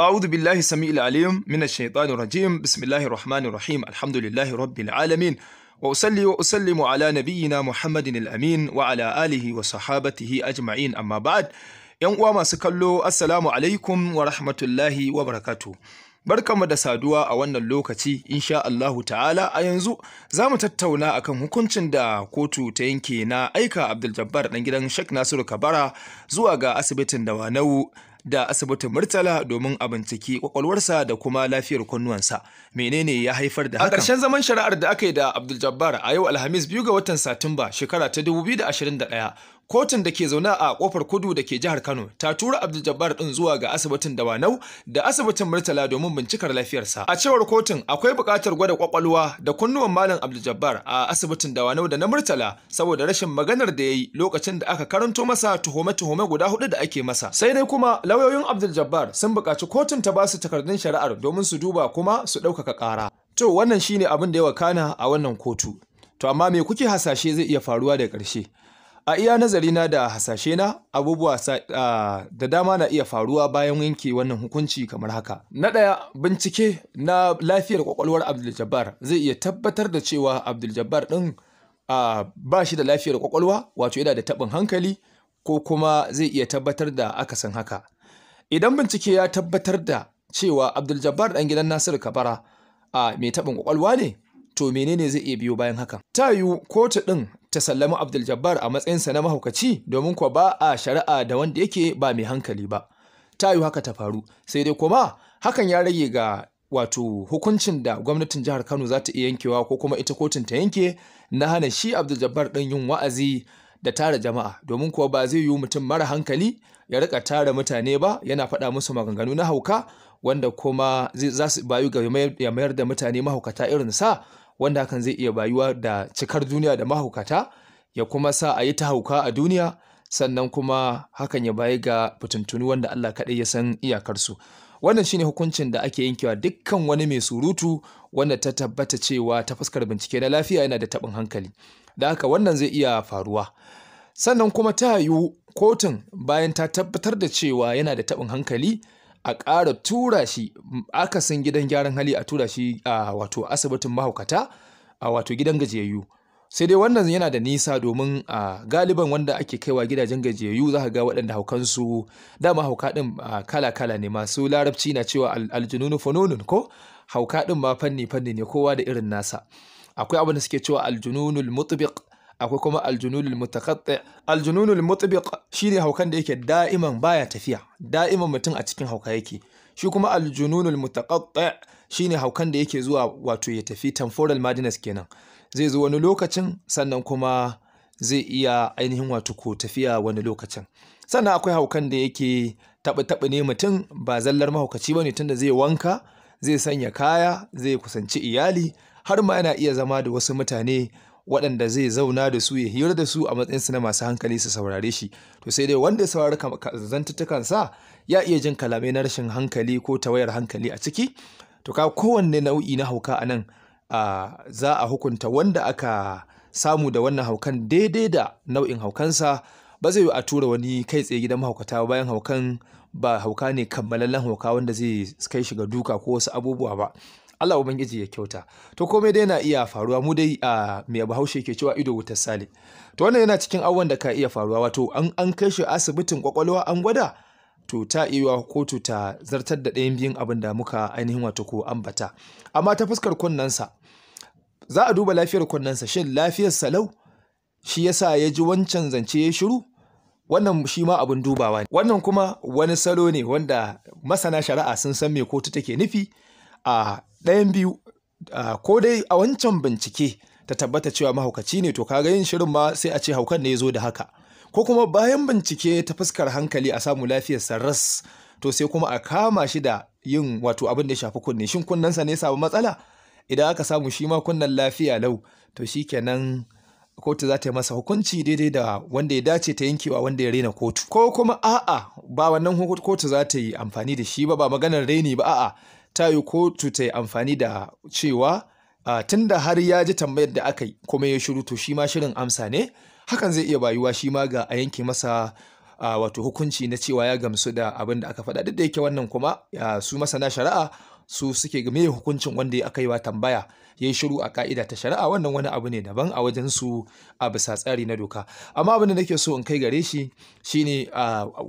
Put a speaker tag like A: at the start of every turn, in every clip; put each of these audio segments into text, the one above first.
A: أعوذ بالله السميع العليم من الشيطان الرجيم بسم الله الرحمن الرحيم الحمد لله رب العالمين وأصلي وأسلم على نبينا محمد الأمين وعلى آله وصحابته أجمعين أما بعد uwa masu kallo assalamu alaikum wa rahmatullahi wa barakatu barkanmu da saduwa a wannan lokaci insha Allahu ta'ala a yanzu za mu tattauna akan hukuncin da kotu ta yanke na aika Abdul Jabbar gidan Sheikh Nasiru Kabara zuwa ga asibitin Dawanau da asibitin Murtala domin a binciki kwakwalwarsa da kuma lafiyar kunnuwansa. Menene ya haifar da hakan? A ƙarshen zaman shari'ar da aka yi da Abdul Jabbar a yau Alhamis biyu ga watan Satumba shekara ta da ashirin ɗaya. kotun da ke zaune a kofar kudu da ke jihar Kano ta tura Abdul Jabbar din zuwa ga asibitin Dawanau da asibitin Murtala domin bincikar lafiyarsa. A cewar kotun akwai buƙatar gwada kwakwalwa da kunnuwan Malam Abdul Jabbar a asibitin Dawanau da na Murtala saboda rashin maganar da ya yi lokacin da aka karanto masa tuhume-tuhume guda hudu da ake masa. Sai dai kuma lauyoyin Abdul Jabbar sun buƙaci kotun ta ba su takardun shari'ar domin su duba kuma su ɗaukaka ƙara. To wannan shine abin da ya wakana a wannan kotu. To amma me kuke hasashe zai iya faruwa da ƙarshe? A iya na da hasashe na, abubuwa da dama na iya faruwa bayan yanke wannan hukunci kamar haka. Na ɗaya bincike na lafiyar kwakwalwar abdul zai iya tabbatar da cewa Abdul-Jabbar ɗin ba shi da lafiyar kwakwalwa wato yana da taɓin hankali ko kuma zai iya tabbatar da akasin haka. Idan bincike ya tabbatar da cewa Abdul-Jabbar ɗan gidan Nasiru Kabara mai taɓin kwakwalwa ne to menene zai iya biyo bayan hakan. Ta yiwu kotu ɗin ta sallami Abdul Jabbar a matsayinsa na mahaukaci domin kuwa ba a shari'a da wanda yake ba mai hankali ba. Ta yi haka ta faru, sai dai kuma hakan ya rage ga wato hukuncin da gwamnatin jihar Kano za ta iya yankewa ko kuma ita kotun ta yanke na hana shi Abdul Jabbar ɗin yin wa'azi da tara jama'a domin kuwa ba zai yiwu mutum mara hankali ya rika tara mutane ba yana faɗa musu maganganu na hauka wanda kuma za su bayu ga ya mayar da mutane mahaukata irin sa wanda hakan zai iya bayuwa da cikar duniya da mahaukata ya kuma sa a yi ta hauka a duniya sannan kuma hakan ya bayi ga fitintunu wanda Allah kaɗai ya san iyakarsu wannan shine hukuncin da ake yankewa dukkan wani mai surutu wanda ta tabbata cewa ta fuskar bincike na lafiya yana da taɓin hankali da haka wannan zai iya faruwa sannan kuma ta yiwu kotun bayan ta tabbatar da cewa yana da taɓin hankali a ƙara tura shi mm, akasin gidan gyaran hali a tura shi a wato asibitin mahaukata a wato gidan gajiyayyu sai dai wannan yana da nisa domin a galiban wanda ake kaiwa gidajen gajiyayyu za ka ga waɗanda haukansu dama hauka ɗin kala-kala ne masu larabci na cewa aljununu fununun ko hauka ɗin ma fanni-fanni ne kowa da irin nasa akwai abin da suke cewa aljununul mutbiq akwai kuma aljununul mutakatti aljununul shi shine haukan da yake da'iman baya tafiya da'iman mutum a cikin hauka yake shi kuma aljununul shi shine haukan da yake zuwa wato ya tafi temporal madness kenan zai zo wani lokacin sannan kuma zai iya ainihin wato ko tafiya wani lokacin sannan akwai haukan da yake taɓa-taɓa ne mutum ba zallar mahaukaci ba ne tunda zai wanka zai sanya kaya zai kusanci iyali har ma yana iya zama da wasu mutane waɗanda zai zauna da su ya hira da su a matsayinsu na masu hankali su saurare shi to sai dai wanda ya saurari sa ya iya jin kalamai na rashin hankali ko tawayar hankali a ciki to ka kowanne nau'i na hauka a nan za a hukunta wanda aka samu da wannan haukan daidai da nau'in haukansa ba zai yi a tura wani kai tsaye gidan mahaukata bayan haukan ba hauka ne kammalallen hauka wanda zai kai shiga duka ko wasu abubuwa ba Allah ubangiji ya kyauta to komai dai yana iya faruwa mu dai a mai bahaushe ke cewa ido wutar sale to wannan yana cikin abubuwan da ka iya faruwa wato an an kai shi asibitin kwakwalwa an gwada to ta iya kotu ta zartar da ɗayan biyun abin da muka ainihin wato ko ambata amma ta fuskar kunnensa za a duba lafiyar kunnensa shin lafiyar salau shi yasa ya ji wancan zance ya shiru wannan shi ma abin dubawa ne wannan kuma wani salo ne wanda masana shari'a sun san me kotu take nufi a ɗayan biyu ko dai a wancan bincike ta tabbata cewa mahaukaci ne to kaga yin shirin ma sai a ce haukan ne ya zo da haka ko kuma bayan bincike ta fuskar hankali a samu lafiyar saras, to sai kuma a kama shi da yin wato abin da ya shafi kunne shin kunnensa ne ya samu matsala idan aka samu shi ma kunnen lafiya lau to shi kenan kotu za ta yi masa hukunci daidai da wanda ya dace ta yankewa wanda ya raina kotu ko kuma a'a ba wannan kotu za ta yi amfani da shi ba ba maganar raini ba a'a ta yi kotu ta yi amfani da cewa tun da har ya ji tambayar da aka yi kuma ya shiru to shi ma shirin amsa ne hakan zai iya bayuwa shi ma ga a yanke masa wato hukunci na cewa ya gamsu da abin da aka faɗa duk da yake wannan kuma su masana shari'a su suke game hukuncin wanda ya aka yi wa tambaya ya yi shiru a ka'ida ta shari'a wannan wani abu ne daban a wajen su a bisa tsari na doka amma abin da nake so in kai gare shi shine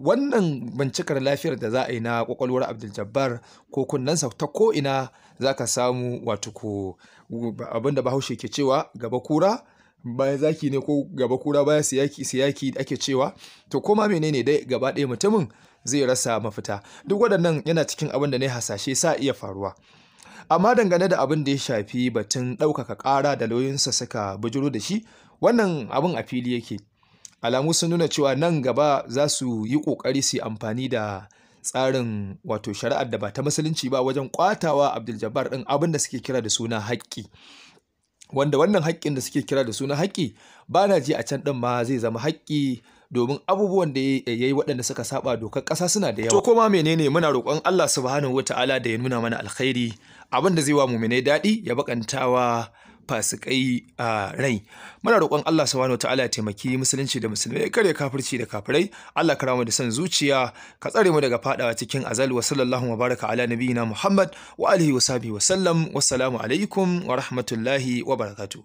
A: wannan bincikar lafiyar da za a yi na kwakwalwar abdul jabbar ko sa ta ko ina za ka samu wato ko abin da bahaushe ke cewa gaba kura baya zaki ne ko gaba kura baya siyaki siyaki ake cewa to koma menene dai gaba ɗaya mutumin zai rasa mafita duk waɗannan yana cikin abin da ne hasashe sa iya faruwa amma dangane da abin da ya shafi batun ɗaukaka ƙara da lauyoyinsa suka bujiro da shi wannan abin a fili yake alamu sun nuna cewa nan gaba za su yi ƙoƙari su amfani da tsarin wato shari'ar da ba ta musulunci ba wajen kwatawa abdul jabbar ɗin abin da suke kira da suna haƙƙi wanda wannan haƙƙin da suke kira da suna haƙƙi ba na ji a can ɗin ma zai zama haƙƙi domin abubuwan da ya yi waɗanda suka saba dokar ƙasa suna da yawa. To koma menene muna roƙon Allah subhanahu wa ta'ala da ya nuna mana alkhairi abin da zai wa mumine daɗi ya bakantawa fasikai a rai muna roƙon Allah subhanahu ta'ala ya taimaki musulunci da musulmai ya kafirci da kafirai Allah ka mu da son zuciya ka tsare mu daga fadawa cikin azal wa sallallahu wa baraka ala nabiyina Muhammad wa alihi wa sahbihi wa sallam wassalamu alaikum wa rahmatullahi wa barakatuh